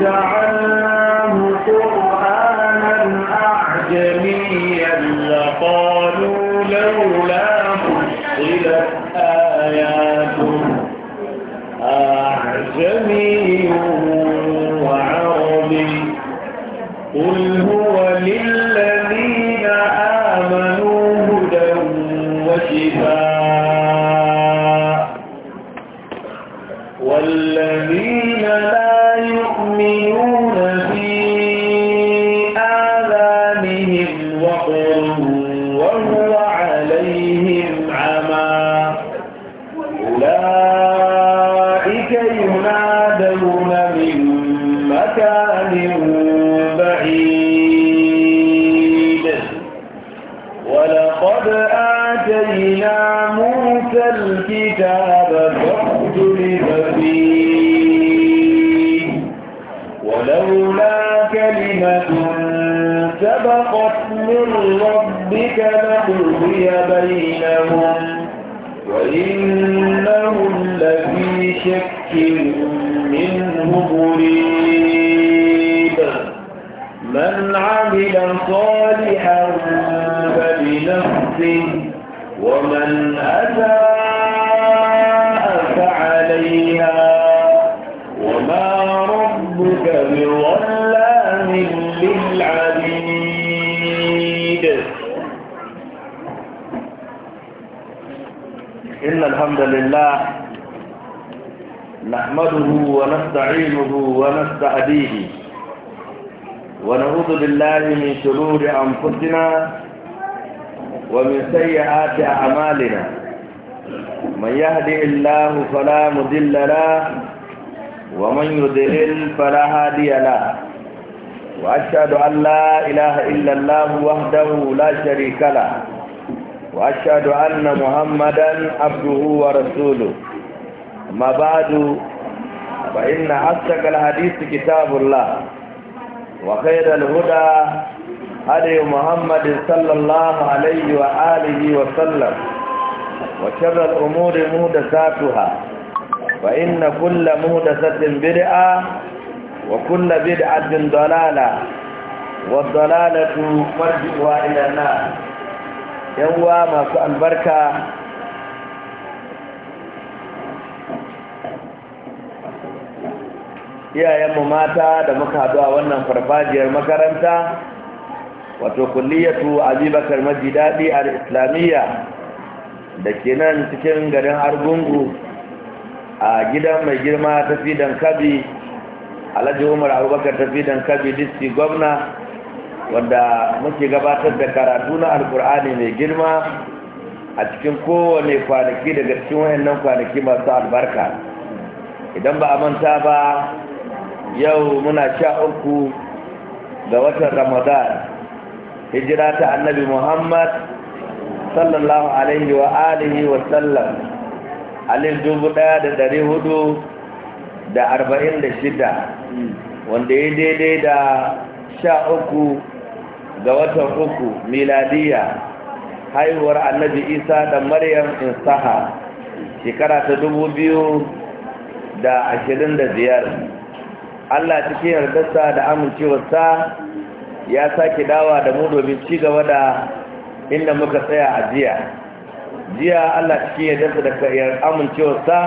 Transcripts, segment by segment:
جعلنا إن الحمد لله نحمده ونستعينه ونستهديه ونعوذ بالله من شرور أنفسنا ومن سيئات أعمالنا من يهدي الله فلا مضل له ومن يضلل فلا هادي له وأشهد أن لا إله إلا الله وحده لا شريك له وأشهد أن محمدا عبده ورسوله أما بعد فإن أصدق الحديث كتاب الله وخير الهدى هدي محمد صلى الله عليه وآله وسلم وشر الأمور مهدساتها فإن كل مهدسة بدعة وكل بدعة ضلالة والضلالة مرجعها إلى النار يوا ما البركة iyayenmu mata da muka haɗu a wannan farfajiyar makaranta wato kulliyatu Abibakar maji daɗi al-islamiyya da ke nan cikin garin argungu a gidan mai girma ta fidan kabi alhaji umar abubakar tafi dan kabi disti gwamna wanda muke gabatar da karatu na alkur'ani mai girma a cikin kowane kwanaki daga cikin wayannan kwanaki masu albarka idan ba a manta ba yau muna sha uku ga watan ramadan hijira ta annabi muhammad sallallahu alaihi wa alihi wa sallam alif dubu daya da dari hudu da arba'in da shida wanda ya daidai da sha uku ga watan uku miladiya haihuwar annabi isa da maryam insaha shekara ta dubu biyu da ashirin da biyar allah cikin yardarsa da amincewarsa ya sake dawa da mu domin ci gaba da inda muka tsaya a jiya jiya allah cikin yardarsa da amincewarsa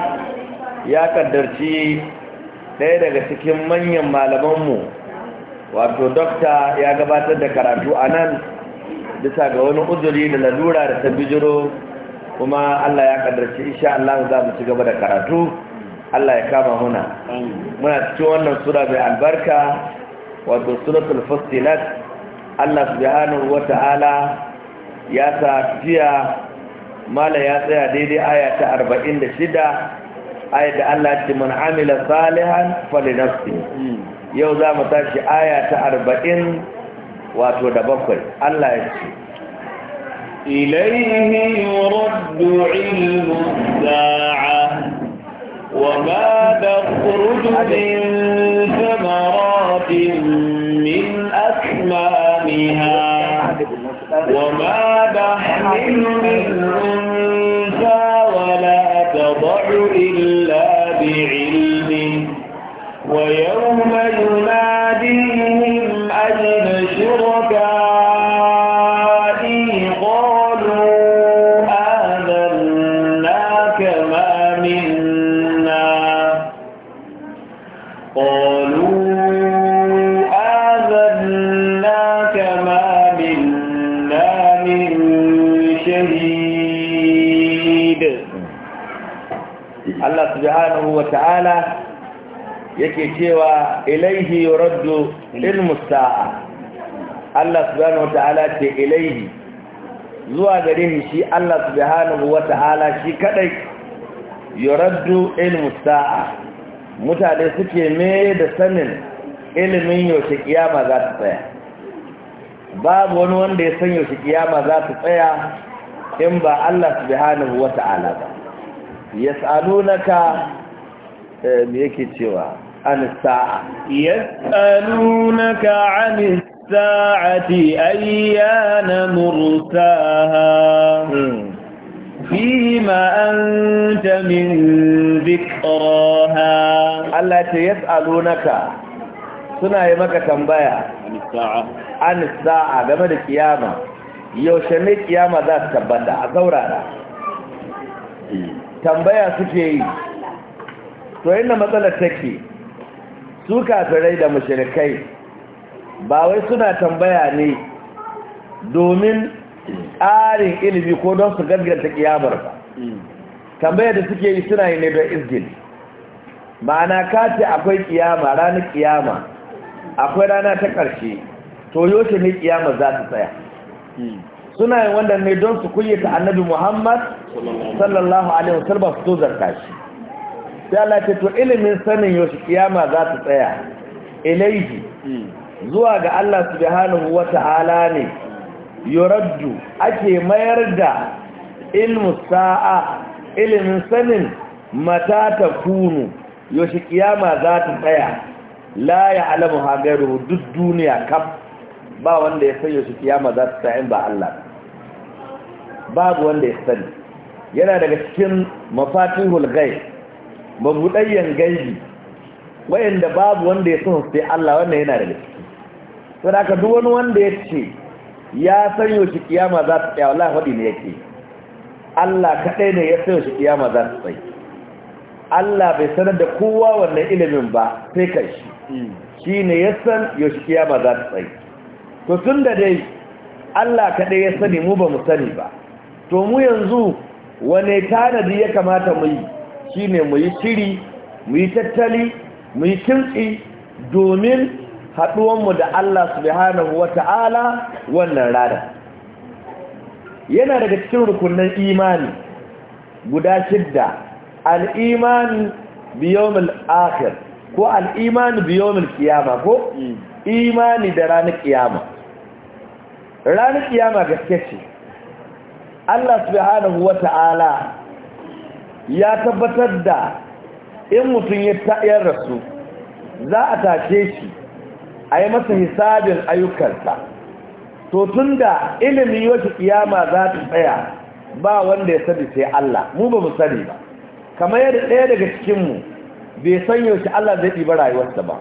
ya kaddarci ɗaya daga cikin manyan malamanmu wato dokta ya gabatar da karatu a nan bisa ga wani uzuri da lalura da ta bijiro kuma Allah ya kaddarci isha Allah za mu ci gaba da karatu Allah ya kama muna muna cikin wannan sura mai albarka wato suratul fustilat Allah subhanahu ta'ala ya sa malam mala ya tsaya daidai aya ta shida. ayat da Allah ce man amila salihan fali nafsi yau za mu tashi aya ta arba'in wato da bakwai Allah ya ce إليه يرد علم الساعة وما تخرج من ثمرات من أكمامها وما تحمل من أنفسها ke cewa ilaihi yuraddu ilmu sa'a Allah subhanahu wata'ala ce ilaihi zuwa gare shi Allah subhanahu wata'ala shi kadai yuraddu ilmu sa'a mutane suke me da sanin ilimin yaushe kiyama za ta tsaya babu wani wanda ya san yaushe kiyama za ta tsaya in ba Allah subhanahu wata'ala ba yas'alunaka eh, me yake cewa عن الساعة يسألونك عن الساعة أيان مرساها فيما أنت من ذكراها التي يسألونك سنة يمكة تنبايا عن الساعة عن الساعة قبل كيامة يوشمي كيامة ذات كبدا أزورانا إيه. تنبايا سكي تو مثلا تكي su kafirai da mushrikai ba wai suna tambaya ne domin ƙarin ilimi ko don su gaggata kiyamar ba tambayar da suke yi suna yi ne don izgil ma'ana kati akwai kiyama ranar kiyama akwai rana ta ƙarshe to yoshe ne kiyama za ta tsaya suna yin wannan ne don su kunyata annabi muhammad sallallahu alaihi wasallam su zarta shi sai Allah ce to ilimin sanin yaushe kiyama za ta tsaya ilaihi zuwa ga Allah subhanahu wata'ala ne yuraddu ake mayar da ilmu sa'a ilimin sanin mata ta kunu yaushe kiyama za ta tsaya la ya'lamu hagaru duk duniya kaf ba wanda ya san yaushe kiyama za ta tsaya ba Allah babu wanda ya sani yana daga cikin mafatihul ghaib ba mu ganji wayanda babu wanda ya sun sai Allah wannan yana da gaske to da duk wani wanda ya ce ya san shi kiyama za ta tsaya wallahi wadi ne yake Allah kaɗai ne ya san shi kiyama za ta tsaya Allah bai sanar da kowa wannan ilimin ba sai kai shi shi ne ya san yaushe kiyama za ta tsaya to tunda da dai Allah kaɗai ya sani mu ba mu sani ba to mu yanzu wane tanadi ya kamata mu yi Shi ne mu yi shiri mu yi tattali mu yi kintsi domin haɗuwanmu da Allah subhanahu ta'ala wannan rana yana daga cikin rukunin imani guda shidda al'imani biyomin akhir ko al'imani biyomin kiyama ko mm. imani da ranar kiyama ranar kiyama gaske ce Allah subhanahu ta'ala ya tabbatar da in mutum ya ta'yar rasu za a tashe shi a yi masa hisabin ayyukansa to tun da ilimin wata kiyama za ta tsaya ba wanda ya sani sai Allah mu ba mu sani ba kamar yadda ɗaya daga cikinmu bai san yaushe Allah zai ɗiba rayuwarsa ba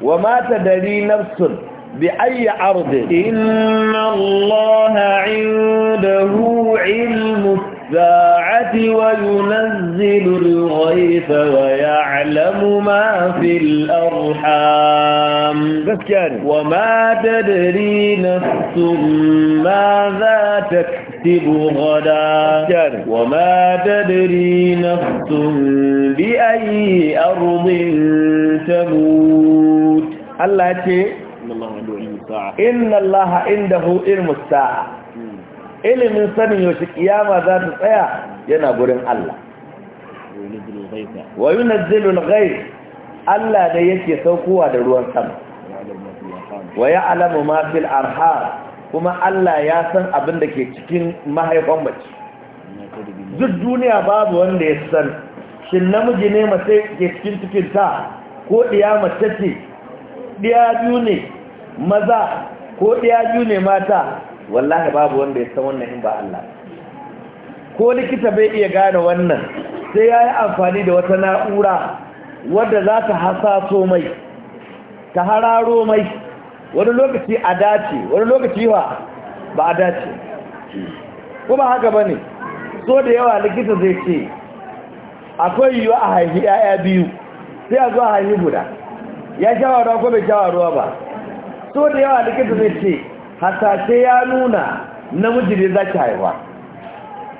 wa mata dari nafsun bi ayya ardi inna Allah indahu ilmu الساعة وينزل الغيث ويعلم ما في الأرحام يعني. وما تدري نفس ماذا تكتب غدا يعني. وما تدري نفس بأي أرض تموت الله يتي إن الله عنده علم الساعة ilimin sanin yaushe kiyama za ta tsaya yana gurin Allah wa yunazzilul gai Allah ne yake saukowa da ruwan sama wa Alamu ma fil arha? kuma Allah ya san abin da ke cikin mahaifan mace duk duniya babu wanda ya san shin namiji ne mace ke cikin cikin ta ko ɗiya mace ce ɗiya biyu ne maza ko ɗiya biyu ne mata wallahi babu wanda ya san wannan in ba Allah ko likita bai iya gane wannan sai ya yi amfani da wata na'ura wadda za ta hasaso mai ta hararo mai wani lokaci a dace wani lokaci yawa ba a dace kuma haka ba ne so da yawa likita zai ce akwai yiwu a haifi 'ya'ya biyu sai a zo a haifi guda ya shawarwa ko bai shawarwa ba so da yawa likita zai ce hasashe ya nuna namiji ne za ki haifa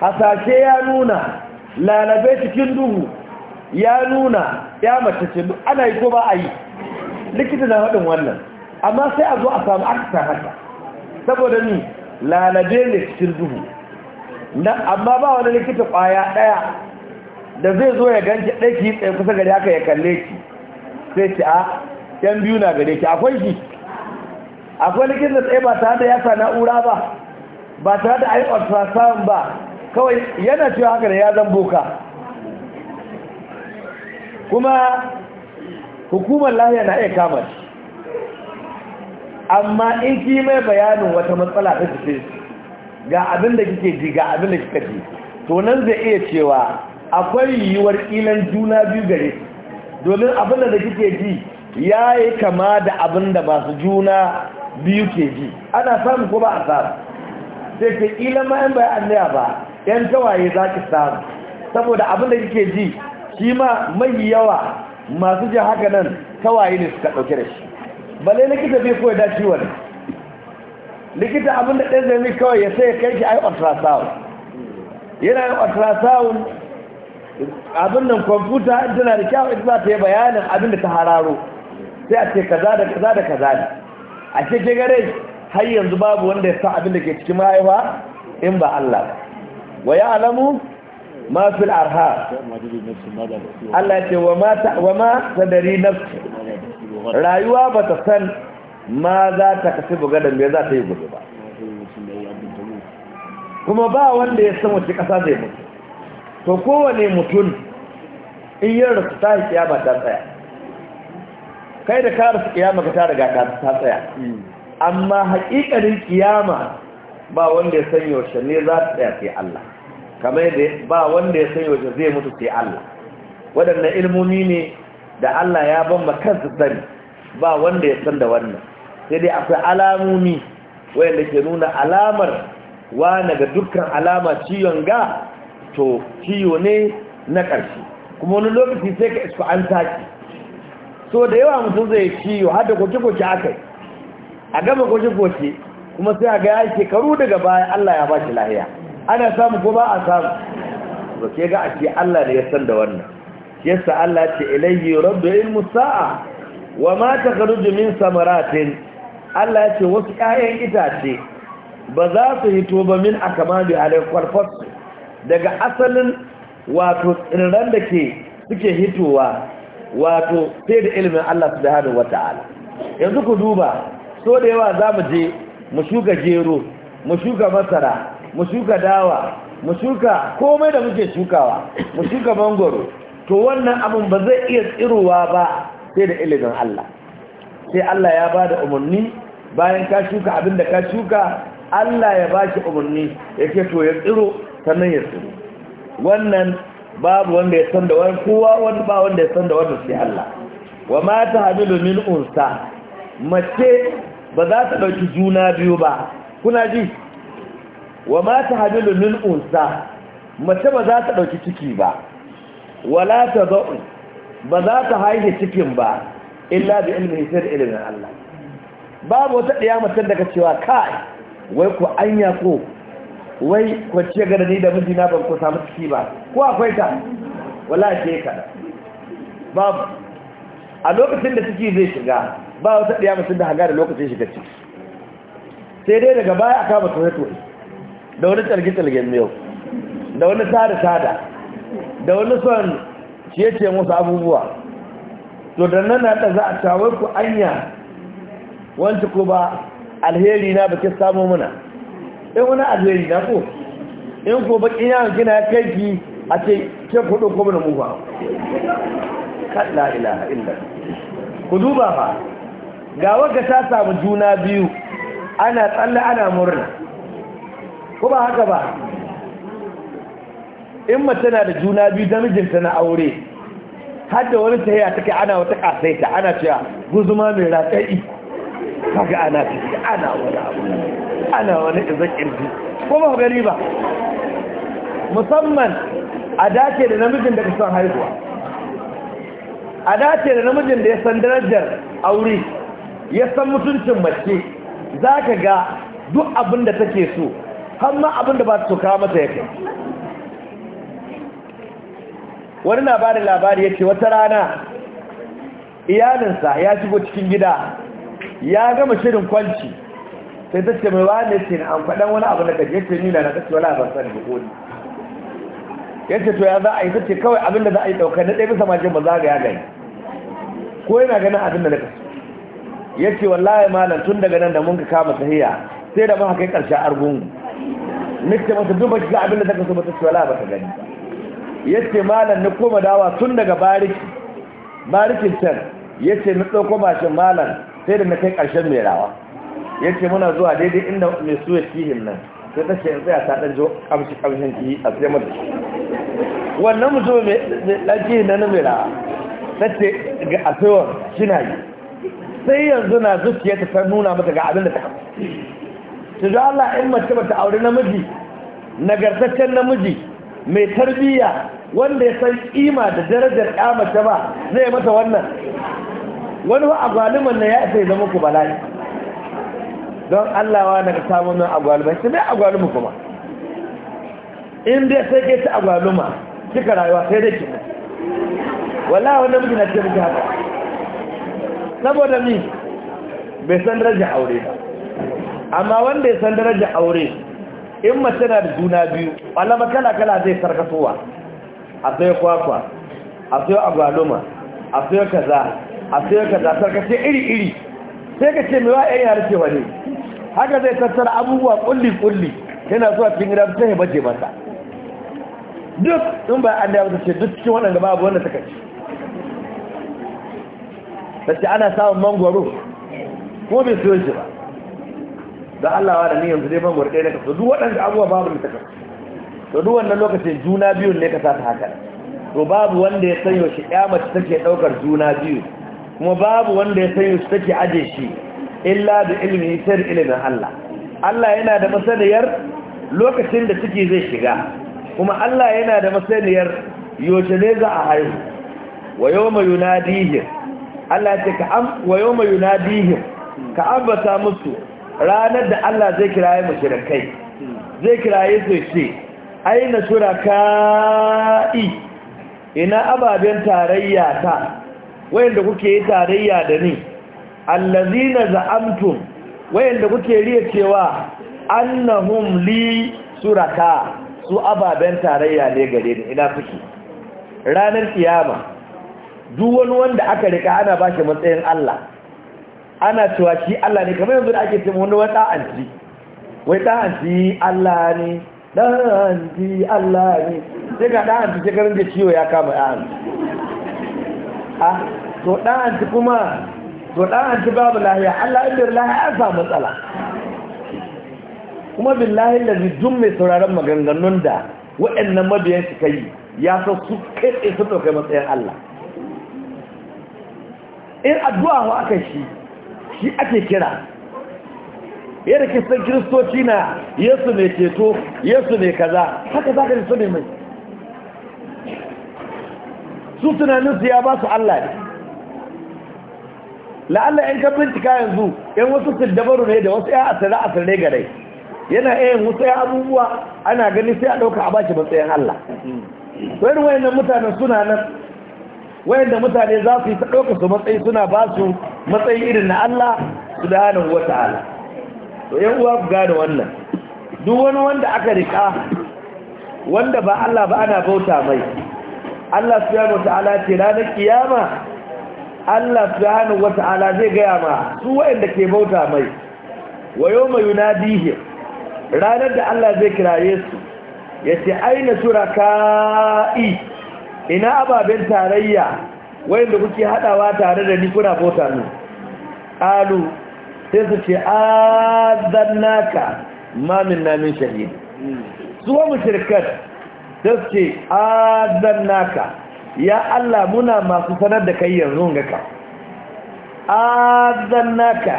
hasashe ya nuna lalabe cikin duhu ya nuna ya mace ce ana yi ko ba a yi likita na haɗin wannan amma sai a zo a samu aksan haka saboda ni lalabe ne cikin duhu amma ba wani likita ƙwaya ɗaya da zai zo ya ganci ɗaki tsaye kusa gari haka ya kalle ki sai ki a yan biyu na gare ki akwai shi akwai likitan tsaye ba tare da ya sa na'ura ba ba tare da ai ultrasound ba kawai yana cewa haka da ya zan boka kuma hukumar lahiya na iya kama amma in ki mai bayanin wata matsala ta fice ga abin da kike ji ga abin da kika ji to nan zai iya cewa akwai yiwuwar ilan juna biyu gare domin abin da kike ji ya yi kama da abin da masu juna biyu ke ji ana samun ko ba a samu sai ke ilan ma yan bayan annaya ba yan tawaye za ki samu saboda abin da kike ji shi ma mai yawa masu jin haka nan tawaye ne suka ɗauke da shi lai likita bai koya da ne likita abin da ɗan zai kawai ya sai ya kai ki ai ultrasound yana yin ultrasound abin nan kwamfuta tana da kyau ita za ta yi bayanin abin da ta hararo sai a ce kaza da kaza da kaza a cikin gare har yanzu babu wanda ya san abin da ke cikin mahaifa in ba Allah wa ya alamu ma fi arha Allah ce wa ma wa ma sadari nafsi rayuwa ba ta san ma za ta kasi buga da me za ta yi gobe ba kuma ba wanda ya san wace kasa zai mutu to kowane mutum in yi rasu ta ba ta tsaya kai da karasa kiyama ka tara ga ta tsaya amma haƙiƙanin kiyama ba wanda ya san yaushe ne za ta tsaya sai Allah kamar yadda ba wanda ya san yaushe zai mutu sai Allah waɗannan ilmomi ne da Allah ya ban ma kansa sani ba wanda ya san da wannan sai dai akwai alamomi wanda ke nuna alamar wane ga dukkan alama ciwon ga to ciwo ne na ƙarshe kuma wani lokaci sai ka isko an taki so da yawa mutum zai ciwo har da koke-koke aka yi a gama koke-koke kuma sai a ga ya shekaru daga baya Allah ya ba lahiya ana samu ko ba a samu ba ke ga a ce Allah da ya san da wannan yasa Allah ce ilayhi rabbi ilmu sa'a wa ma takhruju min samaratin Allah ya ce wasu ƴaƴan itace ba za su hito ba min a kama alai kwarfas daga asalin wato tsirran da ke suke hitowa wato sai da ilimin Allah su da wata wata'ala yanzu ku duba so da yawa za mu je mu shuka gero mu shuka masara mu shuka dawa mu shuka komai da muke shukawa mu shuka mangoro to wannan abin ba zai iya tsirowa ba sai da ilimin Allah sai Allah ya ba da umarni bayan ka shuka abin da ka shuka Allah ya ba shi umarni ya ke to ya tsiro sannan ya tsiro wannan babu wanda ya san da wani kowa wani ba wanda ya san da wani sai Allah wa ma tahmilu min unsa mace ba za ta dauki juna biyu ba kuna ji wa ma tahmilu min unsa mace ba za ta dauki ciki ba wala tadau ba za ta haihu cikin ba illa bi ilmi sir ilmi Allah babu wata diyama tun daga cewa kai wai ku anya ko wai kwanciya gada ni da na ban ku samu ciki ba ko akwai ta wala ce ka babu a lokacin da ciki zai shiga ba wata ɗaya mutum da hanga da lokacin shiga ciki sai dai daga baya a kama tuwe-tuwe da wani tsarki-tsargen yau da wani tada-tada da wani son ciye-ciye wasu abubuwa to da nan na ɗaza a cawar ku anya wancan ko ba alheri na bakin samu muna in wani alheri na ko in ko baki yawon kina ya kai a ce ke kudu ko mana mu ba kalla ilaha illa ku duba ba ga wanda ta samu juna biyu ana tsalle ana murna ko ba haka ba in mace na da juna biyu damijinta na aure har da wani a take ana wata kasaita ana cewa guzuma mai ratsayi kaga ana ciki ana wani abu ana wani izan ƙirji ko ba gani ba musamman a dace da namijin da kasan haihuwa a dace da namijin da ya san darajar aure ya san mutuncin mace za ka ga duk abin da take so har abin da ba su kawo mata ya kai wani labarin labari ya ce wata rana iyalinsa ya shigo cikin gida ya gama shirin kwanci sai ta ce mai wane ce na an wani abu na kaji ya ce nila na kaci wala a da sani ko ya ce to ya za a yi ta ce kawai abin da za a yi ɗaukar na ɗaya bisa majin ba za ga ya gani ko yana ganin abin da na kasu ya ce wallahi malam tun daga nan da mun ka kama sahiya sai da maka kai karshe ƙarshen ce nake duk duba ga abin da ta kasu ta ce wala ba ta gani Ya ce malam na koma dawa tun daga bariki barikin can ce na ɗauko mashin malam sai da na kai ƙarshen mai rawa ya ce muna zuwa daidai inda mai suya tihin nan sai ta ce in tsaya ta ɗan jo ƙamshi ƙamshin kihi a tsaye mata wannan mutum mai ɗan na nan mai rawa ta ce ga asewar shina yi sai yanzu na zuciya ta nuna mata ga abin da ta ta zo Allah in mace mata aure namiji nagartaccen namiji mai tarbiyya wanda ya san kima da darajar ƙamace ba zai mata wannan wani wa agwaliman na ya sai zama ku bala'i don Allah wa daga samun nan agwaluma shi mai agwaluma kuma in dai sai ke ta agwaluma kika rayuwa sai dai kina wala wani namiji na ce miki haka saboda ni bai san darajar aure ba amma wanda ya san darajar aure in mace na da juna biyu alama kala kala zai sarkatowa a sai kwakwa a sai agwaluma a sai kaza a sai ka gasar ka ce iri-iri sai ka ce mai wa yan yare cewa haka zai tattara abubuwa kulli-kulli yana zuwa cikin gida ta haibar baje mata duk in ba an da ya ce duk cikin waɗanda babu wanda suka ci ta ce ana samun mangwaro ko bai siyo shi ba da Allah wa da ni yanzu dai mangwaro ɗaya na kasu duk waɗanda abubuwa babu da suka ci to duk wannan lokacin juna biyun ne ka sa ta haka to babu wanda ya sanyo shi ya mace take ɗaukar juna biyu kuma babu wanda ya san yi take aje shi illa da ilmi sai da ilimin Allah Allah yana da masaniyar lokacin da ciki zai shiga kuma Allah yana da masaniyar yoce ne za a haihu wa yawma yunadihim Allah ya ce ka am wa yawma yunadihim ka ambata musu ranar da Allah zai kira da mushrikai zai kira yi su ce aina shuraka'i ina ababen tarayya ta wayanda kuke yi tarayya da ni allazina za'amtum wayanda kuke riya cewa annahum li suraka su ababen tarayya ne gare ni ina kuke ranar kiyama duk wani wanda aka rika ana bashi matsayin Allah ana cewa shi Allah ne kamar yanzu da ake cewa wani wata anti wai ta anti Allah ne dan anti Allah ne sai ga dan anti sai garin da ciwo ya kama ya anti a to ɗan anti kuma to ɗan anti babu lahiya Allah inda lahiya an samu matsala kuma billahi da jum mai sauraron maganganun da waɗannan mabiyan suka yi ya san su kai tsaye ɗaukai matsayin Allah in addu'a ho aka shi shi ake kira yadda kisan kiristoci na yesu mai ceto yesu mai kaza haka za ka so mai su su ya ba su Allah ne la'alla 'yan ka bincika yanzu yan wasu dabaru ne da wasu ya asira ga gare yana yin wasu ya abubuwa ana gani sai a ɗauka a bashi matsayin Allah wani wayannan mutane suna nan wayanda mutane za su yi ta ɗauka su matsayi suna ba su matsayi irin na Allah su da hannun wata'ala to yan uwa ku gane wannan duk wani wanda aka riƙa, wanda ba Allah ba ana bauta mai Allah su subhanahu wata'ala ce ranar kiyama Allah su subhanahu wata'ala zai gaya ma su wayanda ke bauta mai wayo mai dihe ranar da Allah zai kiraye su ya ce aina suraka'i. ina ababen tarayya Wayanda kuke haɗawa tare da ni kuna bauta mu alu sai su ce azannaka Mamin namin shahid su wa shirkar sai su ce adannaka ya Allah muna masu sanar da kai yanzu ga ka adannaka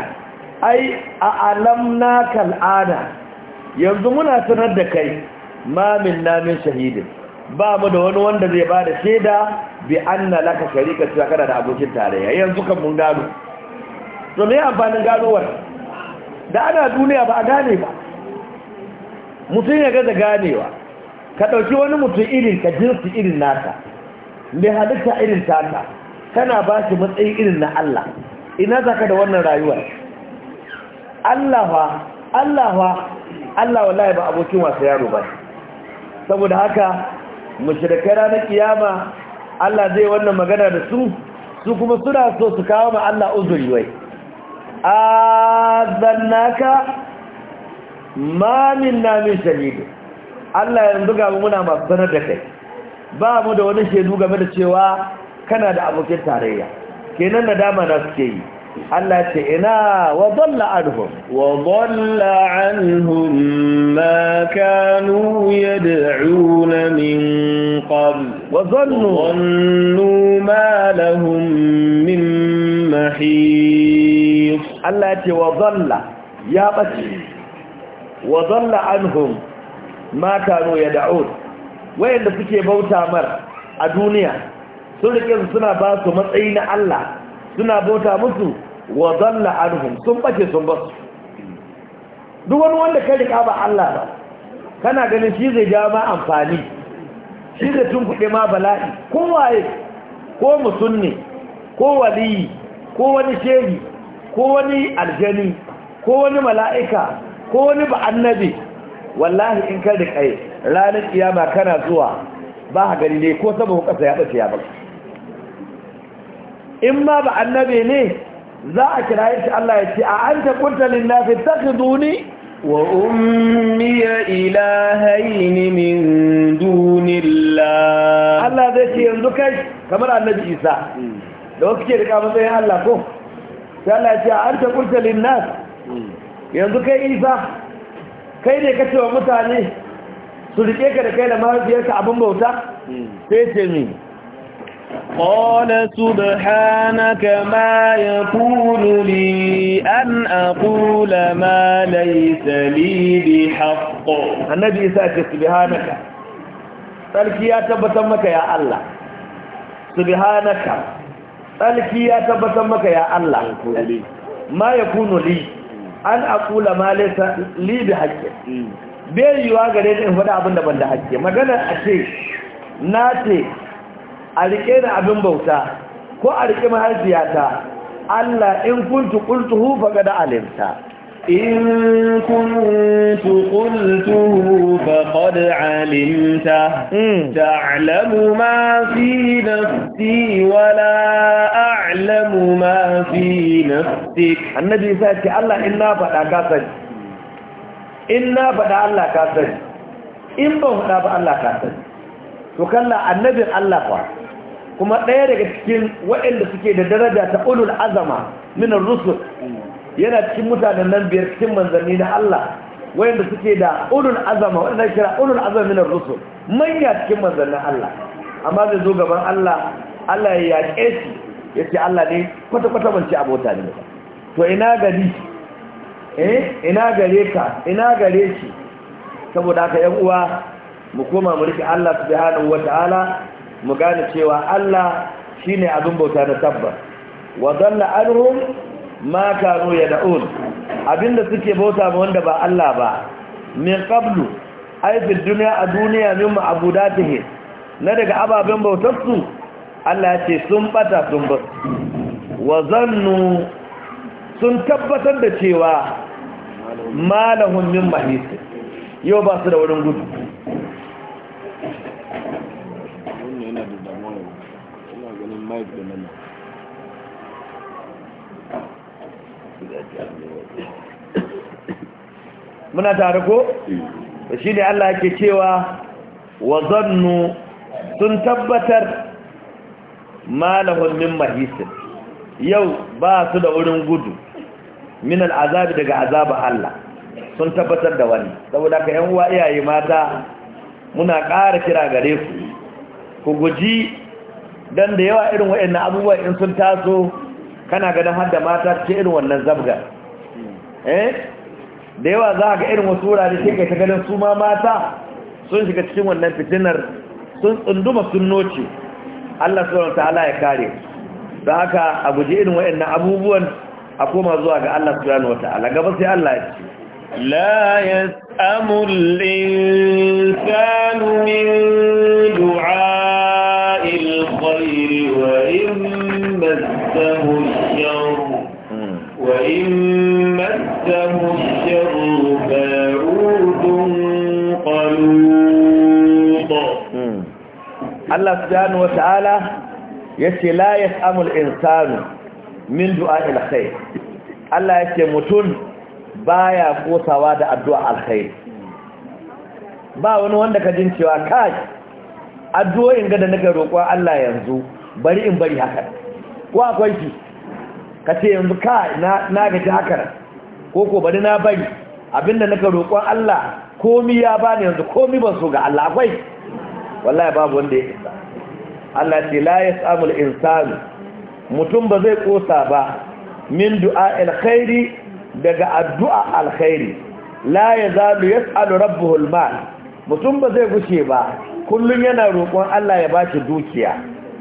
ai a alamnaka al'ada yanzu muna sanar da kai ma min namin shahidin ba mu da wani wanda zai ba da shaida bi anna laka sharika cewa kana da abokin tarayya yanzu kan mun gano to me amfanin ganowar da ana duniya ba a gane ba mutum ya gaza ganewa ka ɗauki wani mutum irin ka jinsi irin nata mai halitta irin tata kana ba shi matsayi irin na Allah ina za ka da wannan rayuwa Allah Allah Allah wallahi ba abokin wasa yaro ba saboda haka mushrikai ranar kiyama Allah zai wannan magana da su su kuma suna so su kawo ma Allah uzuri wai azannaka ma mamin min shahidu Allah yanzu ga muna masu da kai ba mu da wani shaidu game da cewa kana da abokin tarayya kenan da dama na suke yi Allah ce ina wa dalla anhum wa dalla anhum ma kanu yad'una min qabl wa dhannu ma lahum min mahis Allah ce wa dalla ya bace wa dalla anhum Mata no ya da'un wayanda suke bauta mar a duniya sun rike su suna ba su matsayi na Allah suna bauta musu wa dalla anhum sun bace sun ba duk wani wanda ka rika ba Allah ba kana ganin shi zai ja ma amfani shi zai tunkuɗe ma bala'i ko waye ko musulmi ko waliyi ko wani shehi ko wani aljani ko wani mala'ika ko wani ba annabi wallahi in ka rikai ranar kiyama kana zuwa ba ha gani ne ko saboda kasa ya bace ya ba. in ma ba annabi ne za a kira shi Allah ya ce a anta qulta lin nafi takhuduni wa ummiya ilahayn min dunillah Allah zai ce yanzu kai kamar annabi Isa da wasu ke rika matsayin Allah ko sai Allah ya ce a anta qulta lin nas hmm. yanzu kai Isa kai ne ka cewa mutane su riƙe ka da kai da mahaifiyarka abin bauta? sai ce mi. ƙola subhanaka ma ya kuru ne an a kula ma laisa libi haƙo A na annabi isa ce ka. tsarki ya tabbatar maka ya Allah Su ka. tsarki ya tabbatar maka ya Allah ma ya kuru an akula ma laisa li bi haqqi bai yiwa gare ni in faɗa abin da ban da haƙƙi magana a ce na ce a riƙe da abin bauta ko a riƙe mahaifiyata Allah in kuntu qultuhu faqad alimta إن كنت قلته فقد علمته تعلم ما في نفسي ولا أعلم ما في نفسك النبي سأتي الله إنا فدا كاسج إنا فدا الله كاسج إن بفدا فالله كاسج وكلا النبي الله فدا kuma ɗaya daga cikin waɗanda suke da daraja ta ulul azama min ar-rusul yana cikin mutanen nan biyar cikin manzanni na Allah wayanda suke da ulul azama wanda kira ulul azama min ar-rusul manya cikin manzannin Allah amma zai zo gaban Allah Allah ya yaƙe shi yace Allah ne kwata kwata ban ci abota ne to ina gari eh ina gare ka ina gare shi saboda haka yan uwa mu koma mu rike Allah subhanahu wataala mu gane cewa Allah shine abin bauta na tabbas wa dalla anhum ma kanu ya da'un abinda suke bauta ma wanda ba Allah ba min qablu ay fi dunya a duniya min ma'budatihi na daga ababen bautar su Allah ya ce sun bata sun ba wa zannu sun tabbatar da cewa malahum min mahis yau ba su da wurin gudu yana da damuwa da nan muna tare ko shi ne Allah yake cewa wa zannu sun tabbatar malahun min mahisin yau ba su da wurin gudu min al'azabi daga azabin Allah sun tabbatar da wani saboda ka yan uwa iyaye mata muna ƙara kira gare ku ku guji dan da yawa irin waɗannan abubuwa in sun taso kana ganin har da mata ce irin wannan zabga eh da yawa za a ga irin wasu wurare sai kai ta ganin su ma mata sun shiga cikin wannan fitinar sun tsunduma sun noce Allah subhanahu ta'ala ya kare don haka a guji irin waɗannan abubuwan a koma zuwa ga Allah subhanahu ta'ala gaba sai Allah ya ce la insanu min Allah subhanahu ta'ala yace la yas'amul insanu min du'a'il khair Allah yace mutum baya kosawa da addu'a alkhair ba wani wanda ka jin cewa kai addu'o'in ga da nake roƙo Allah yanzu bari in bari haka ko akwai shi kace yanzu kai na na gaji haka ko ko bari na bari abinda naka roƙo Allah komi ya bani yanzu komi ban so ga Allah akwai wallahi babu wanda ya isa Allah ce la yasamul insanu mutum ba zai kosa ba min du'a alkhairi daga addu'a alkhairi la yazalu yasalu rabbuhu almal mutum ba zai gushe ba kullun yana roƙon Allah ya bashi dukiya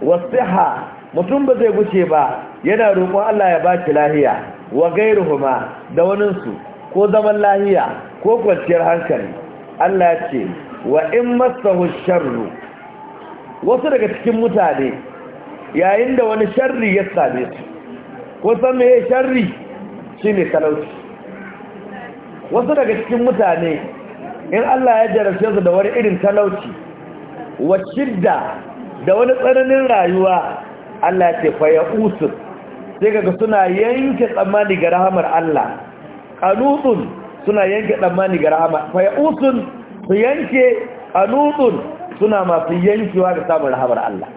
wasiha mutum ba zai gushe ba yana roƙon Allah ya bashi lahiya wa gairuhuma da waninsu ko zaman lahiya ko kwanciyar hankali Allah ce wa in masahu sharru wasu daga cikin mutane yayin da wani sharri ya same su kusan me sharri shine ne talauci wasu daga cikin mutane in Allah ya jarabce su da wani irin talauci wa shidda da wani tsananin rayuwa Allah ya ce ya usur sai kaga suna yanke tsammani ga rahamar Allah kanutun suna yanke tsammani ga fa ya usur su yanke a nutsun suna masu yankewa da samun rahabar Allah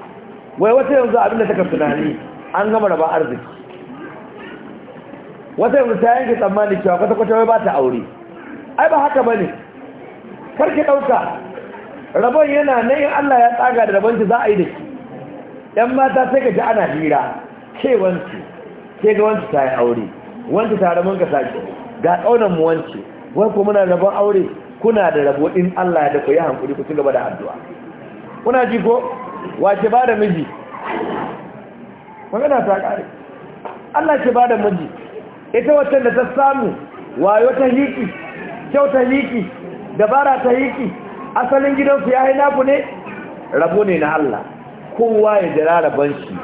wai wata yanzu abinda taka tunani an gama raba arziki wata yanzu ta yanke tsammanin cewa kwata-kwata wai ba ta aure ai ba haka bane karki ɗauka. rabon yana nan in Allah ya tsaga da rabon ki za a yi da shi yan mata sai ka ji ana hira ke wanci ke ga wanci ta yi aure wanci tare mun ka sake ga kaunan mu wanci wai ko muna rabon aure kuna da rabo in Allah ya da ku yi hankuri ku cigaba da addu'a kuna ji ko wace ba da miji magana ta kare Allah ke ba da miji ita wacce da ta samu wayo ta hiki kyau ta hiki dabara ta hiki asalin gidansu ya haina ku ne rabo ne na Allah kowa ya jira rabon shi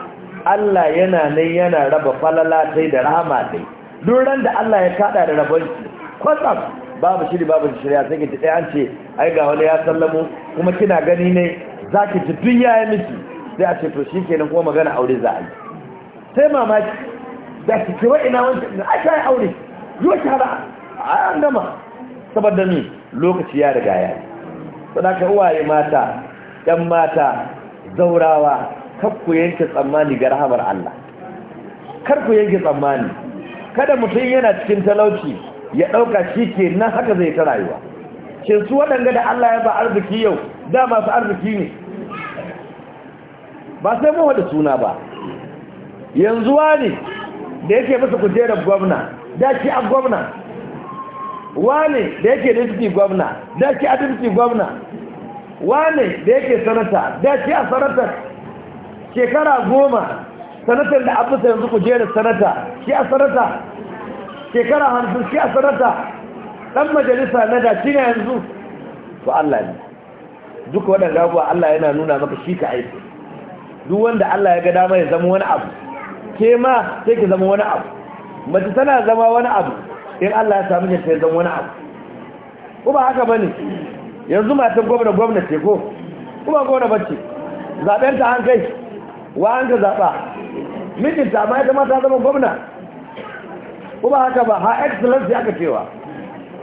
Allah yana nan yana raba falala sai da rahama sai duran randa da Allah ya kada da rabon shi kwatsam babu shiri babu shirya sai ki ɗaya an ce ai ga wani ya sallamu kuma kina gani ne zaki ki ji tun yayi miki sai a ce to shi kenan kuma magana aure za a yi sai mamaki da ki kira ina wani a aure yau ki hada an gama saboda ni lokaci ya riga ya yi sadaka uwaye mata yan mata zaurawa kar ku yanke tsammani ga rahamar Allah kar ku yanke tsammani kada mutum yana cikin talauci ya ɗauka shi ke nan haka zai ta rayuwa ce su waɗanda da Allah ya ba arziki yau da masu arziki ne ba sai mu da suna ba yanzu wani da yake masa kujerar gwamna da shi a gwamna wani da yake deputy gwamna da shi a deputy gwamna wani da yake sanata da shi a sanatar shekara goma sanatar da abu yanzu kujerar sanata shi a sanata shekara hamsin shi a sanata ɗan majalisa na da shi na yanzu to Allah ne duk waɗanda abuwa Allah yana nuna maka shi ka aiki duk wanda Allah ya ga dama ya zama wani abu ke ma sai ki zama wani abu mace tana zama wani abu in Allah ya samu jinta ya zama wani abu ko ba haka bane yanzu matan gwamna gwamna ce ko kuma gwamna bacci Zaɓen ta an kai wa an ka zaɓa. mijinta ma ita ma ta zama gwamna Kuma haka ba ha excellence aka cewa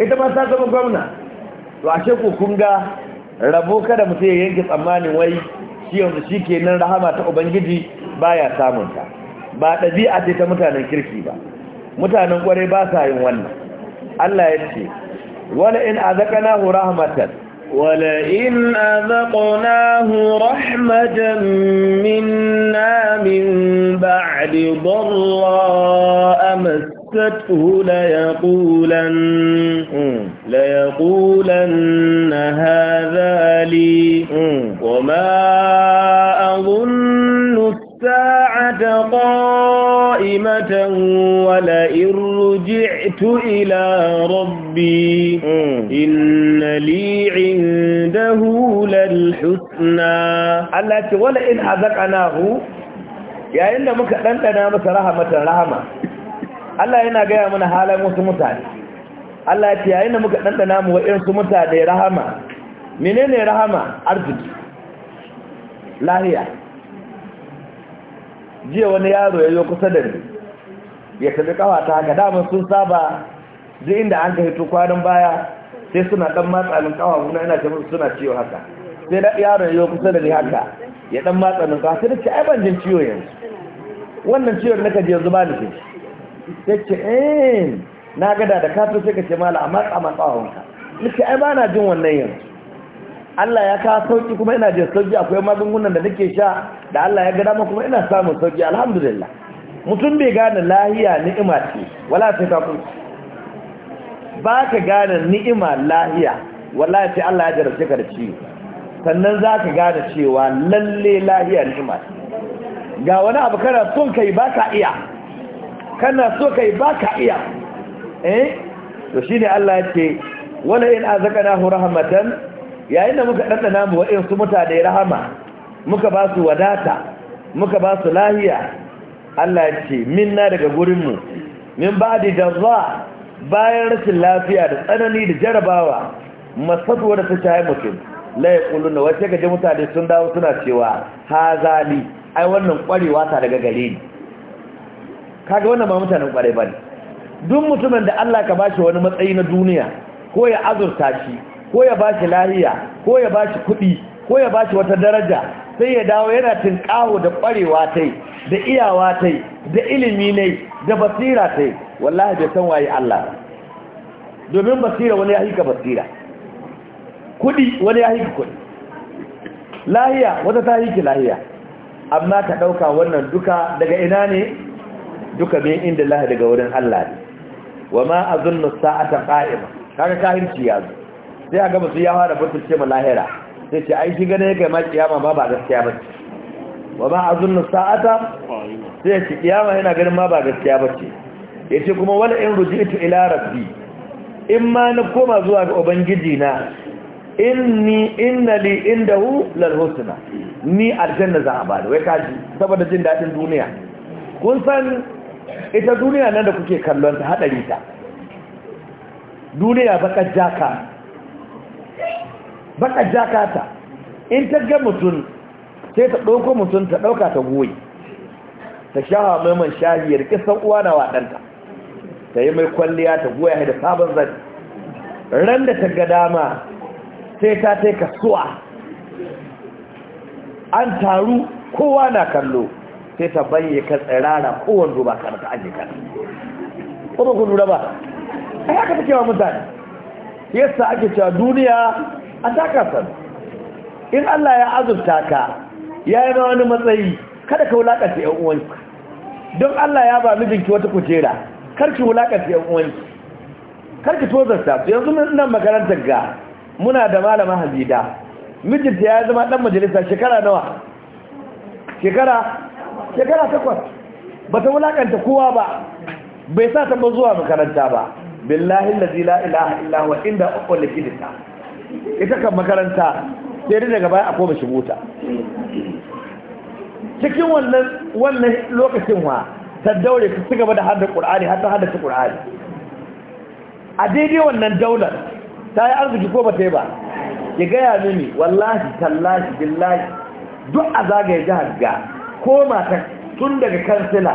ita ba ta zama gwamna to ashe ku kun ga rabo kada mutum ya yanke tsammanin wai shi yanzu shi ke nan rahama ta ubangiji baya samunta ba ɗabi'a ce ta mutanen kirki ba mutanen ƙwarai ba sa yin wannan allah ya ce wala in azakana hu rahmatan ولئن hu rahmatan min من بعد ضر مسته ليقولن ليقولن هذا لي وما أظن الساعة قائمة ولئن رجعت إلى ربي إن لي عنده للحسنى التي ولئن أذقناه يا إن muka ɗanɗana masa rahamatan rahama Allah yana gaya mana halayen wasu mutane Allah ya ce yayin da muka ɗanɗana mu irin su mutane rahama menene rahama arziki lahiya jiya wani yaro ya yi kusa da ni ya tafi kawa ta haka damar sun saba ji inda an ka hito kwanan baya sai suna ɗan matsalin kawa muna ina ta suna ciwo haka sai da yaron ya yi kusa da ni haka ya ɗan matsalin kawa sai da ce ai ban jin ciwo yanzu wannan ciwon na ka yanzu zuba ni ce ya eh na gada da kafin sai ka ce mala a matsa matsawonka nake ai ba na jin wannan yanzu Allah ya kawo sauki kuma ina jin sauki akwai magungunan da nake sha da Allah ya gada kuma ina samun sauki alhamdulillah mutum bai gane lahiya ni'ima ce wala sai ka kuma ba ka gane ni'ima lahiya wala sai Allah ya jarabce ka da ciwo sannan za ka gane cewa lalle lahiya ni'ima ce ga wani abu kana son kai ba ka iya kana so kai ba ka iya eh to shine Allah ya ce wala in hu rahmatan yayin da muka danda wa wa'in su mutane rahama muka ba su wadata muka ba su lahiya Allah ya minna daga gurin mu min ba'di jarra bayan rashin lafiya da tsanani da jarabawa masafuwa da ta shaye mutum la yaquluna wace gaje mutane sun dawo suna cewa hazali ai wannan kwarewa ta daga gare ni kaga wannan ba mutanen kwarai ba ne duk mutumin da Allah ka bashi wani matsayi na duniya ko ya azurta shi ko ya bashi lahiya ko ya bashi kuɗi ko ya bashi wata daraja sai ya dawo yana tinkaho da kwarewa tai da iyawa tai da ilimi ne da basira tai wallahi bai san waye Allah domin basira wani ya hika basira kuɗi wani ya hika kuɗi lahiya wata ta hiki lahiya amma ka ɗauka wannan duka daga ina ne duka min inda Allah daga wurin Allah ne wa ma azunnu sa'ata qa'ima kaga kahinci ya zo sai a gaba su ya fara butulce mu lahira sai ce aiki gane kai ma kiyama ba ba gaskiya ba wa ma azunnu sa'ata sai ce kiyama yana ganin ma ba gaskiya ba ce yace kuma wani in ruji'tu ila rabbi in ma na koma zuwa ga ubangiji na In inni inna li indahu lal husna ni aljanna za a bada wai kaji saboda jin daɗin duniya kun san ita duniya nan da kuke kallon ta haɗari ta duniya bakar jaka bakar jaka ta in ta ga mutum sai ta ɗauko mutum ta ɗauka ta goyi ta shaha mai man shahiyar kisan uwa na waɗanta ta yi mai kwalliya ta goya da sabon zai ran da ta ga dama sai ta taika suwa an taru kowa na kallo sai ta bayyana ka tsirara kowane duba ka da aje ka ko ba ku lura ba ai haka take wa mutane yasa ake cewa duniya a takasar in Allah ya azurta ka ya yi wani matsayi kada ka wulakanta yan uwanka don Allah ya ba mijinki wata kujera kar ki wulakanta yan uwanki kar ki tozarta su yanzu nan makarantar ga muna da malama hazida mijinta ya zama dan majalisa shekara nawa shekara shekara takwas ba ta wulaƙanta kowa ba bai sa ta zuwa makaranta ba billahi da zila ilaha illa inda uqul gidita ita kan makaranta sai dai daga baya a koma shi buta cikin wannan lokacin wa ta daure su gaba da hadda qur'ani har ta su ƙur'ani qur'ani a daidai wannan daular ta yi arziki ko ba ta yi ba ki gaya mini wallahi tallahi billahi duk a zagaye jihar ga ko matan tun daga kansila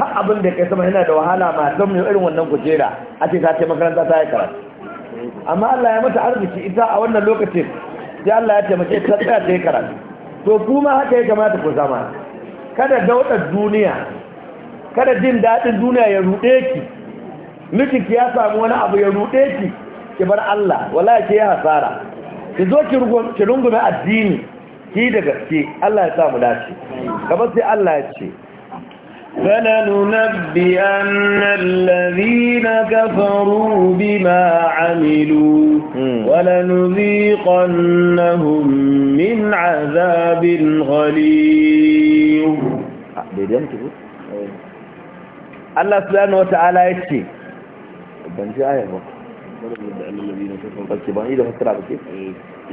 har abin da kai sama yana da wahala ma don mai irin wannan kujera a ce ta ce makaranta ta yi karatu amma Allah ya mata arziki ita a wannan lokacin sai Allah ya mace ta tsaya ta yi karatu to kuma haka ya kamata ku zama kada daudar duniya kada jin daɗin duniya ya ruɗe ki ki ya samu wani abu ya ruɗe ki ki bar Allah wala ke ya hasara ki zo ki rungume addini ki da gaske Allah ya sa mu dace kamar sai Allah ya ce فلننبئن الذين كفروا بما عملوا ولنذيقنهم من عذاب غليظ Allah subhanahu wata'ala yace ban ji ayar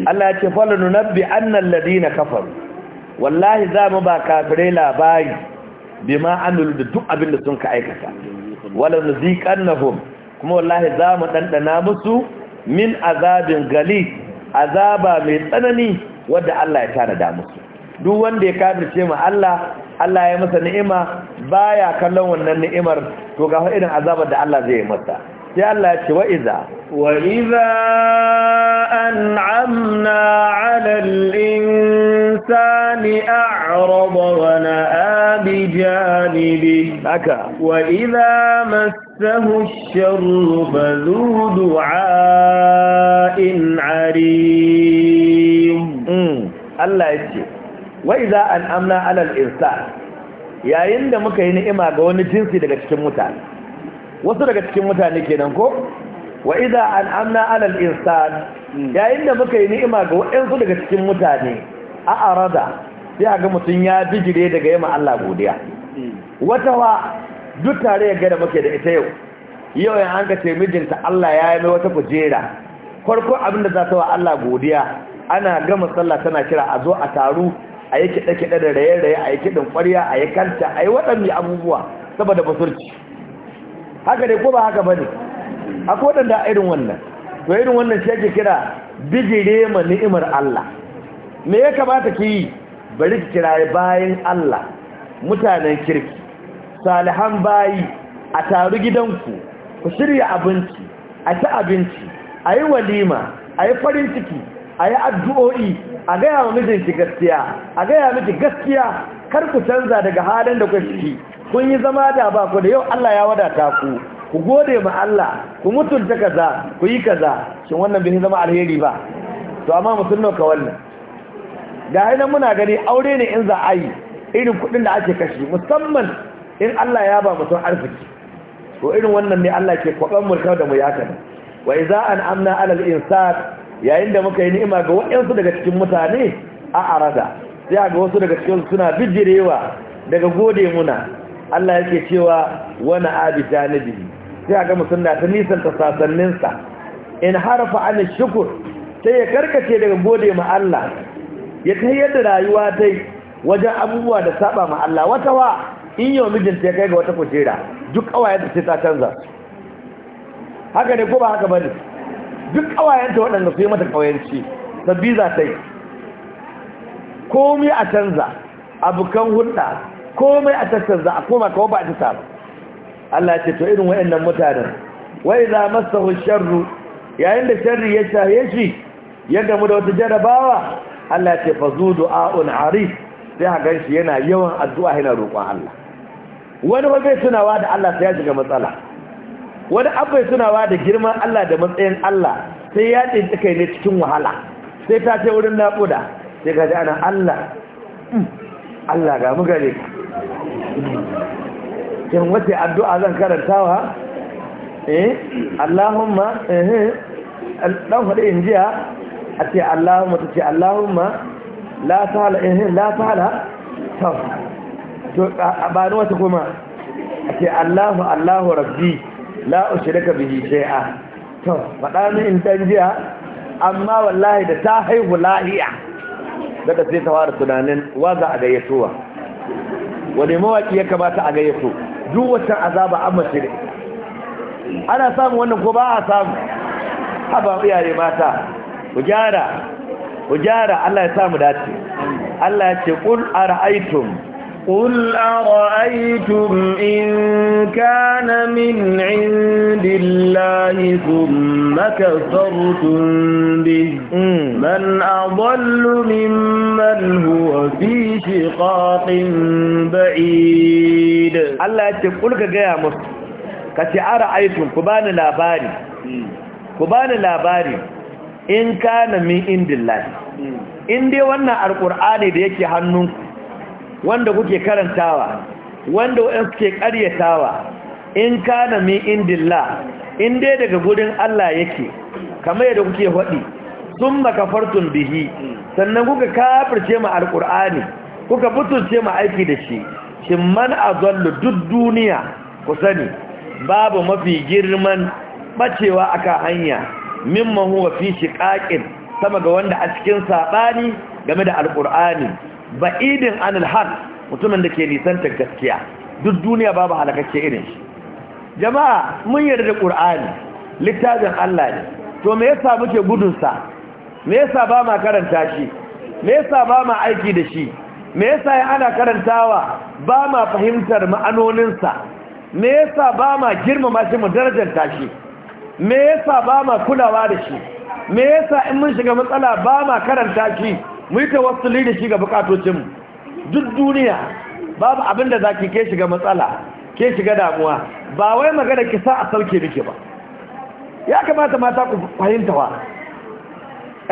Allah ya ce fala annan annal ladina kafar wallahi za mu ba kafirai labari bima amilu da duk abin da sun ka aikata wala hom kuma wallahi za mu ɗanɗana musu min azabin gali azaba mai tsanani wadda Allah ya da musu duk wanda ya ce ma Allah Allah ya masa ni'ima baya kallon wannan ni'imar to ga irin azabar da Allah zai yi masa sai Allah ya ce wa iza wa iza an'amna 'ala al-insani a'rada wa na'a bi janibi haka wa iza massahu ash-sharru fadhu du'a'in 'arim mm. Allah ya ce wa iza an'amna 'ala al-insani yayin da muka yi ni'ima ga wani jinsi daga cikin mutane wasu daga cikin mutane kenan ko wa idza amna 'ala al-insan yayin da muka yi ni'ima ga waɗansu daga cikin mutane a arada sai ga mutun ya bijire daga yamma Allah godiya wata wa duk tare ga da muke da ita yau yau yan an ga ce mijinta Allah ya yi mai wata kujera farko abinda za ta wa Allah godiya ana gama sallah tana kira a zo a taru a yi kiɗe-kiɗe da raye-raye a yi kiɗin ƙwarya a yi kanta a yi waɗanne abubuwa saboda basurci haka dai ko ba haka bane akwai wadanda irin wannan to irin wannan shi ake kira bijire ma ni'imar Allah me ya kamata ki bari ki kira bayan Allah mutanen kirki salihan bayi a taru gidanku ku shirya abinci a ci abinci a yi walima a yi farin ciki a yi addu'o'i a gaya wa mijinki gaskiya a gaya miki gaskiya kar ku canza daga halin da ku ciki kun yi zama da ba ku da yau Allah ya wadata ku ku gode ma Allah ku mutunta kaza ku yi kaza shin wannan bai zama alheri ba to amma musulmi ka wannan da hainan muna gani aure ne in za a yi irin kudin da ake kashi musamman in Allah ya ba mutum arziki to irin wannan ne Allah ke kwaban mulkar da mu ya kana wa iza an amna ala al-insan yayin da muka yi ni'ima ga wayansu daga cikin mutane a arada sai ga wasu daga cikin suna bijirewa daga gode muna Allah yake cewa wani abi janibi sai a ga ta nisan ta sasanninsa in harfa an shukur sai ya karkace daga gode ma Allah ya ta yadda rayuwa ta wajen abubuwa da saba ma Allah wata wa in yau mijinta ya kai ga wata kujera duk kawayenta sai ta canza haka ne ko ba haka bane duk ta waɗanda su yi mata kawayenci sabbi za ta yi komi a canza abukan hulɗa komai a tattanza a koma kawo ba a ba Allah ce to irin wayannan mutanen wai za masahu sharru yayin da sharri ya shaye shi ya gamu da wata jarabawa Allah ce fa zu du'a'un arif sai a gan shi yana yawan addu'a yana roƙon Allah wani ba bai tunawa da Allah sai ya shiga matsala wani abu bai tunawa da girman Allah da matsayin Allah sai ya ta kai ne cikin wahala sai ta ce wurin naƙuda sai ka ji ana Allah hmm, Allah ga mu gare ka in wace addu'a zan karantawa eh Allahumma eh, eh dan faɗi in jiya a ce Allahumma ta ce Allahumma la sahala eh la sahala to ba ni wata kuma a ce Allahu Allahu rabbi la ushrika bihi shay'a to faɗa ni in dan jiya amma wallahi da ta haihu lahiya da ta sai ta fara tunanin waza a wa, wani mawaki ya kamata a gayyato duk wata azaba an mace da ana samun wannan ko ba a samu haba iyare mata ku gyara ku gyara Allah ya samu dace Allah ya ce qul ara'aytum قل أرأيتم إن كان من عند الله ثم كفرتم به من أضل ممن هو في شقاق بعيد الله يقول لك يا مصر كتي أرأيتم كبان لاباري كبان لاباري إن كان من عند الله إن دي وانا القرآن دي يكي هنوك wanda kuke karantawa wanda 'yan suke ƙaryatawa in kana min indillah in dai daga gudun Allah yake kamar yadda kuke haɗi sun fartun bihi sannan kuka kafirce ma Alkur'ani kuka butulce ma aiki da shi shin man azallu duk duniya ku sani babu mafi girman bacewa akan hanya mimma huwa fi shiqaqin sama ga wanda a cikin saɓani game da Alkur'ani. ba'idin anil haq mutumin da ke nisan ta gaskiya duk duniya babu halakacce irin shi jama'a mun yarda da qur'ani littafin Allah ne to me yasa muke gudun sa me yasa ba ma karanta shi me yasa ba ma aiki da shi me yasa ya ana karantawa ba ma fahimtar ma'anoninsa me yasa ba ma girmama shi mu darajar shi me yasa ba ma kulawa da shi me yasa in mun shiga matsala ba ma karanta shi mu yi tawassuli da shi ga bukatocin duk duniya babu abin da za ki ke shiga matsala ke shiga damuwa ba wai magana ki sa a sauke nake ba ya kamata mata ku fahimta wa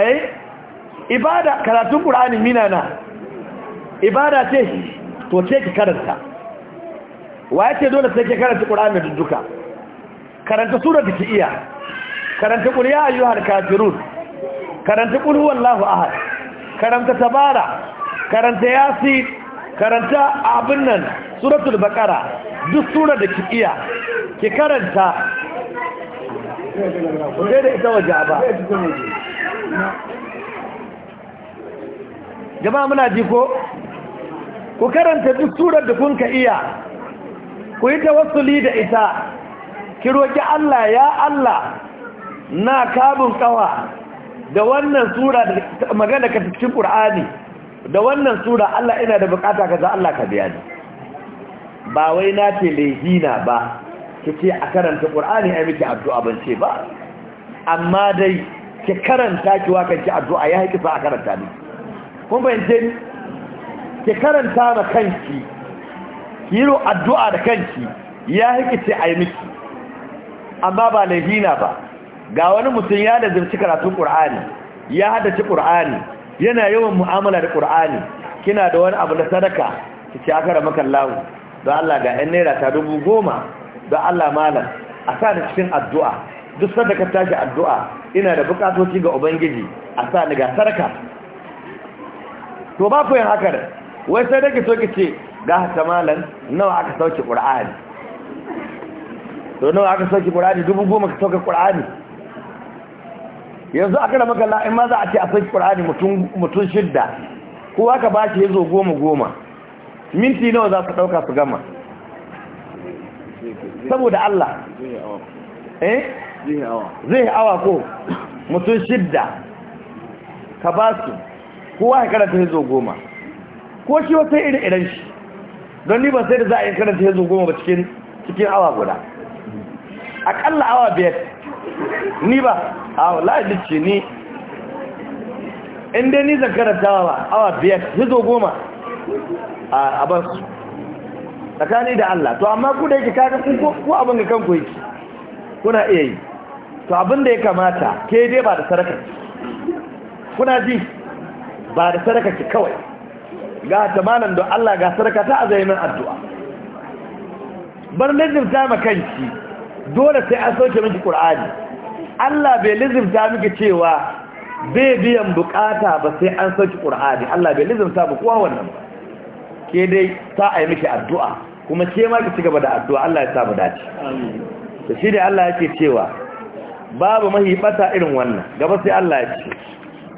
eh ibada karatun qur'ani mina na ibada ce to ce ki karanta wa yake dole sai ki karanta qur'ani da duka karanta sura da ki iya karanta qul ya ayyuhal kafirun karanta qul huwallahu ahad karanta tabara karanta yasi karanta abin nan suratul bakara duk sura da ki iya ki karanta sai da ita waje ba jama'a muna ji ko ku karanta duk surar da kun ka iya ku yi wasuli da ita ki roki Allah ya Allah na kabun kawa da wannan sura da magana ka cikin qur'ani da wannan sura Allah ina da bukata za Allah ka biya ni ba wai na ce lehina ba kice a karanta qur'ani ai miki addu'a ban ce ba amma dai ki karanta ki wakanki addu'a ya haƙi fa a karanta ni kun bayyance ki karanta ma kanki yi addu'a da kanki ya haƙi ce a yi miki amma ba lehina ba ga wani mutum ya da zirci karatun ƙur'ani ya haddace ƙur'ani yana yawan mu'amala da ƙur'ani kina da wani abu na sadaka ki ci aka rama kallahu don Allah ga ɗan naira ta dubu goma don Allah malam a sa ni cikin addu'a duk sadaka tashi addu'a ina da bukatoci ga ubangiji a sa ni ga sadaka to ba ku yin haka da wai sai da ki so ki ce ga hata malam nawa aka sauke ƙur'ani to nawa aka sauke ƙur'ani dubu goma ka sauke ƙur'ani yanzu aka da maka in ma za a ce a sauki ƙur'ani mutum shidda kowa ka ba shi ya zo goma goma minti nawa za su ɗauka su gama saboda Allah eh zai awa ko mutum shidda ka ba su kowa ya karanta ya zo goma ko shi wata irin irin shi don ni ba sai da za a yi karanta ya zo goma ba cikin awa guda aƙalla awa biyar ni ba a wallahi ce ni inda ni zakarar dawa awa biyar hizo goma a basu tsakani da Allah to amma ku da yake kaga ku abin ga kanku yake kuna iya yi to abin da ya kamata ke dai ba da saraka kuna ji ba da saraka ki kawai ga tamanan don Allah ga saraka ta azaimin addu'a bar lajin ta makanki dole sai an sauke miki qur'ani Allah bai lizimta miki cewa bai biyan bukata ba sai an sauki ƙur'ani Allah bai lizimta ba kowa wannan ba ke dai ta a yi miki addu'a kuma ke ma ki cigaba da addu'a Allah ya samu dace da shi dai Allah yake cewa babu bata irin wannan gaba sai Allah ya ce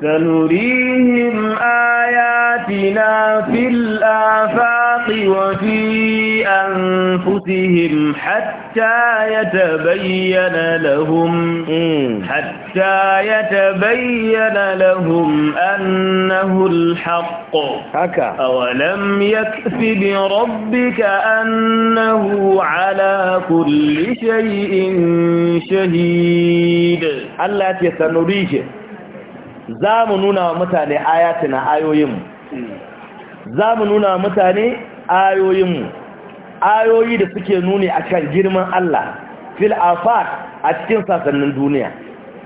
سنريهم آياتنا في الآفاق وفي أنفسهم حتى يتبين لهم حتى يتبين لهم أنه الحق هكا أولم يكف بربك أنه على كل شيء شهيد الله سنريهم za mu nuna wa mutane ayatina ayoyinmu za mu nuna wa mutane ayoyinmu ayoyi da suke nuni akan girman Allah fil a cikin sasannin duniya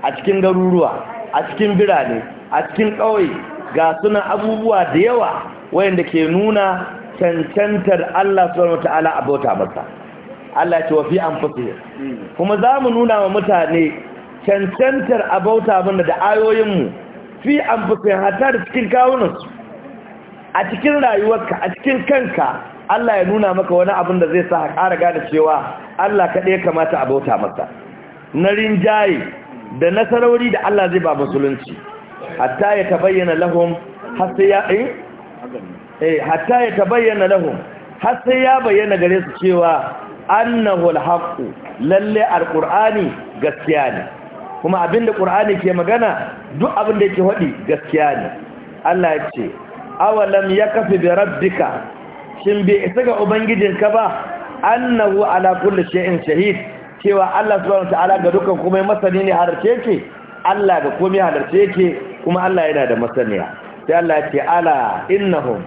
a cikin garuruwa a cikin birane a cikin ƙauye ga suna abubuwa da yawa wayanda ke nuna cancantar Allah subhanahu wataala a bauta masa Allah ce wa fi anfusihim hmm. kuma za mu nuna wa mutane cancantar abauta mana da ayoyinmu fi anfusihim hata da cikin kawunan, a cikin rayuwarka a cikin kanka Allah ya nuna maka wani abin da zai sa a ƙara gada cewa Allah kaɗai ya kamata a bauta masa na rinjaye da nasarori da Allah zai ba musulunci hatta ya tabayyana lahum har sai ya eh, eh hatta ya tabayyana lahum har sai ya bayyana gare su cewa annahu alhaqu lalle alqur'ani gaskiya ne kuma abinda qur'ani ke magana duk abin da yake hadi gaskiya ne Allah ya ce awalam yakfi bi rabbika shin bai isa ga ubangijinka ba annahu ala kulli shay'in shahid cewa Allah subhanahu wataala ga dukkan komai masani ne halarce yake Allah ga komai halarce yake kuma Allah yana da masaniya sai Allah ya ce ala innahum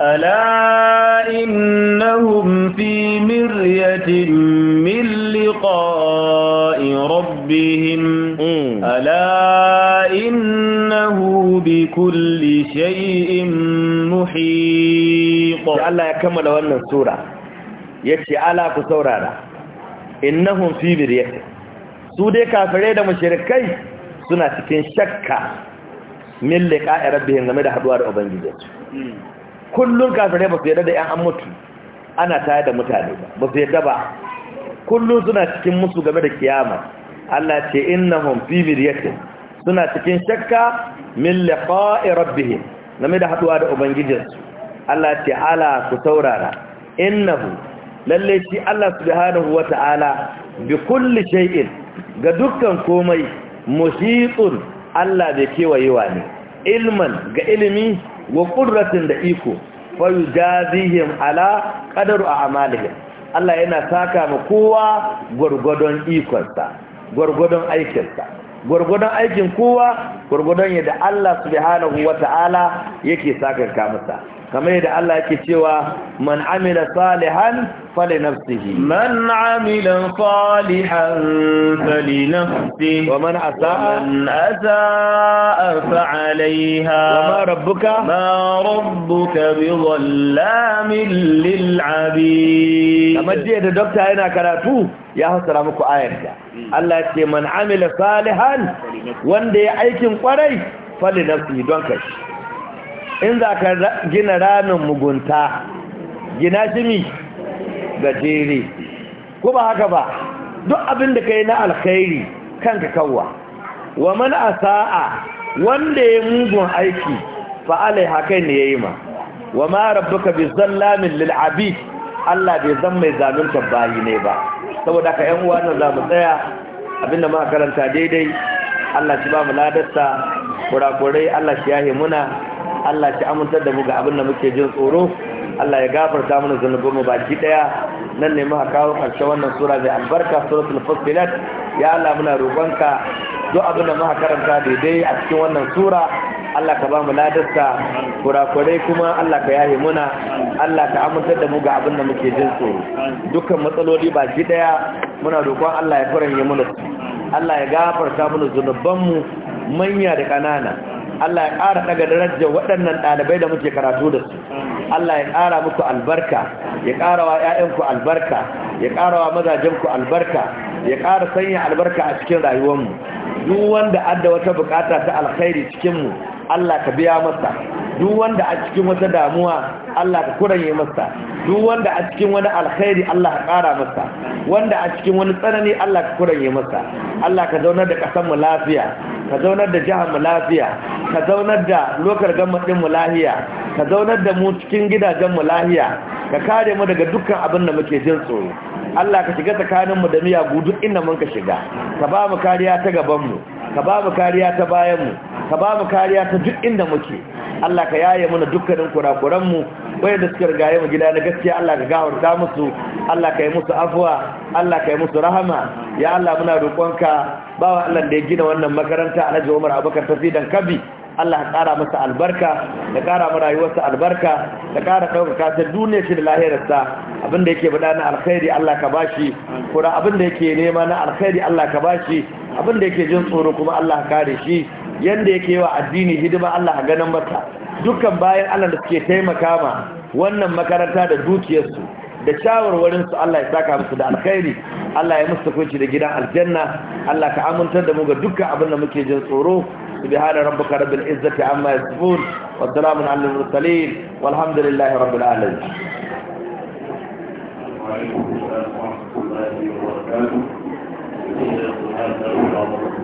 ألا إنهم في مرية من لقاء ربهم ألا إنه بكل شيء محيط الله يكمل وانا السورة يكشي ألا كسورة إنهم في مرية سودة كافرين مشركين suna cikin shakka min liqa'i rabbihim game da haduwar ubangijinsu kullum kafirai ba su yarda da 'yan an ana tayar da mutane ba ba su yarda ba Kullun suna cikin musu game da kiyama Allah ce innahum fi miryatin suna cikin shakka min liqa'i rabbihim game da haduwa da ubangijinsu Allah ce ala ku saurara innahu lalle shi Allah subhanahu wata'ala bi kulli shay'in ga dukkan komai muhitun Allah bai kewaye wa ne ilman ga ilimi wa ƙudratin da iko fayu jazihim ala ƙadaru a amalihim Allah yana saka ma kowa gwargwadon ikonsa gwargwadon aikinsa gwargwadon aikin kowa gwargwadon yadda Allah subhanahu Ta'ala yake saka kamusa masa kamar yadda Allah yake cewa man amila salihan fali nafsihi man amila salihan fali nafsihi wa man asaa fa alaiha wa ma rabbuka ma rabbuka bi lil abid kamar yadda doctor yana karatu ya hasara muku ayar da hmm. Allah ya ce man amila salihan wanda ya aikin kwarai fali nafsihi don kai. in za ka gina ramin mugunta gina shi mi jere, ko ba haka ba duk abin da ka yi na alkhairi kanka kawwa wa man asa'a wanda ya mugun aiki fa alai hakai ne yayi ma wa ma rabbuka bi zallamin lil abid Allah bai zan mai zalunta bayi ne ba saboda ka yan uwa na za mu tsaya abinda muka karanta daidai Allah shi ba mu ladarsa kurakurai Allah shi yahe muna Allah shi amintar da mu ga abin da muke jin tsoro Allah ya gafarta mana zanubin mu baki daya nan ne muka kawo karshe wannan sura mai albarka suratul fussilat ya Allah muna roƙonka duk abin da muka karanta daidai a cikin wannan sura Allah ka ba mu ladarsa kurakurai kuma Allah ka yahe muna Allah ka amintar da mu ga abin da muke jin tsoro dukkan matsaloli baki daya muna roƙon Allah ya furanye mana Allah ya gafarta mana zunubanmu manya da ƙanana Allah ya ƙara daga daraja waɗannan ɗalibai da muke karatu da su Allah ya ƙara muku albarka ya ƙara wa ƴaƴanku albarka ya ƙara wa mazajenku albarka ya ƙara sanya albarka a cikin rayuwarmu duk wanda adda wata bukata ta alkhairi cikinmu Allah ka biya masa duk wanda a cikin wata damuwa Allah ka kuranye masa duk wanda a cikin wani alkhairi Allah ka kara masa wanda a cikin wani tsanani Allah ka kuranye masa Allah ka zaunar da ƙasar mu lafiya ka zaunar da jihar mu lafiya ka zaunar da lokar gammadin mu lahiya ka zaunar da mu cikin gidajen mu lahiya ka kare mu daga dukkan abin da muke jin tsoro Allah ka shiga tsakanin mu da miya gudu inda mun ka shiga ka ba mu kariya ta gaban mu ka ba mu kariya ta bayan mu ka ba mu kariya ta duk inda muke Allah ka yaye mana dukkanin kurakuran mu wayanda suka rigaye mu gida na gaskiya Allah ka gawarta musu Allah ka yi musu afwa Allah ka yi musu rahama ya Allah muna roƙonka bawa Allah da ya gina wannan makaranta Alhaji Umar Abubakar Tafi Dan Kabi Allah ya ƙara masa albarka ya ƙara ma rayuwarsa albarka ya ƙara ɗaukaka ta duniya shi da lahirarsa abin da yake bada na alkhairi Allah ka bashi kura abin da yake nema na alkhairi Allah ka bashi abin da yake jin tsoro kuma Allah ka kare shi yanda yake wa addini hidima Allah a ganin mata dukkan bayan Allah da suke taimaka ma wannan makaranta da dukiyarsu da shawarwarinsu Allah ya saka musu da alkhairi Allah ya musu kunci da gidan aljanna Allah ka amintar da mu ga dukkan abin da muke jin tsoro subhana rabbika rabbil izzati amma yasifun wa salamun alal mursalin walhamdulillahi rabbil alamin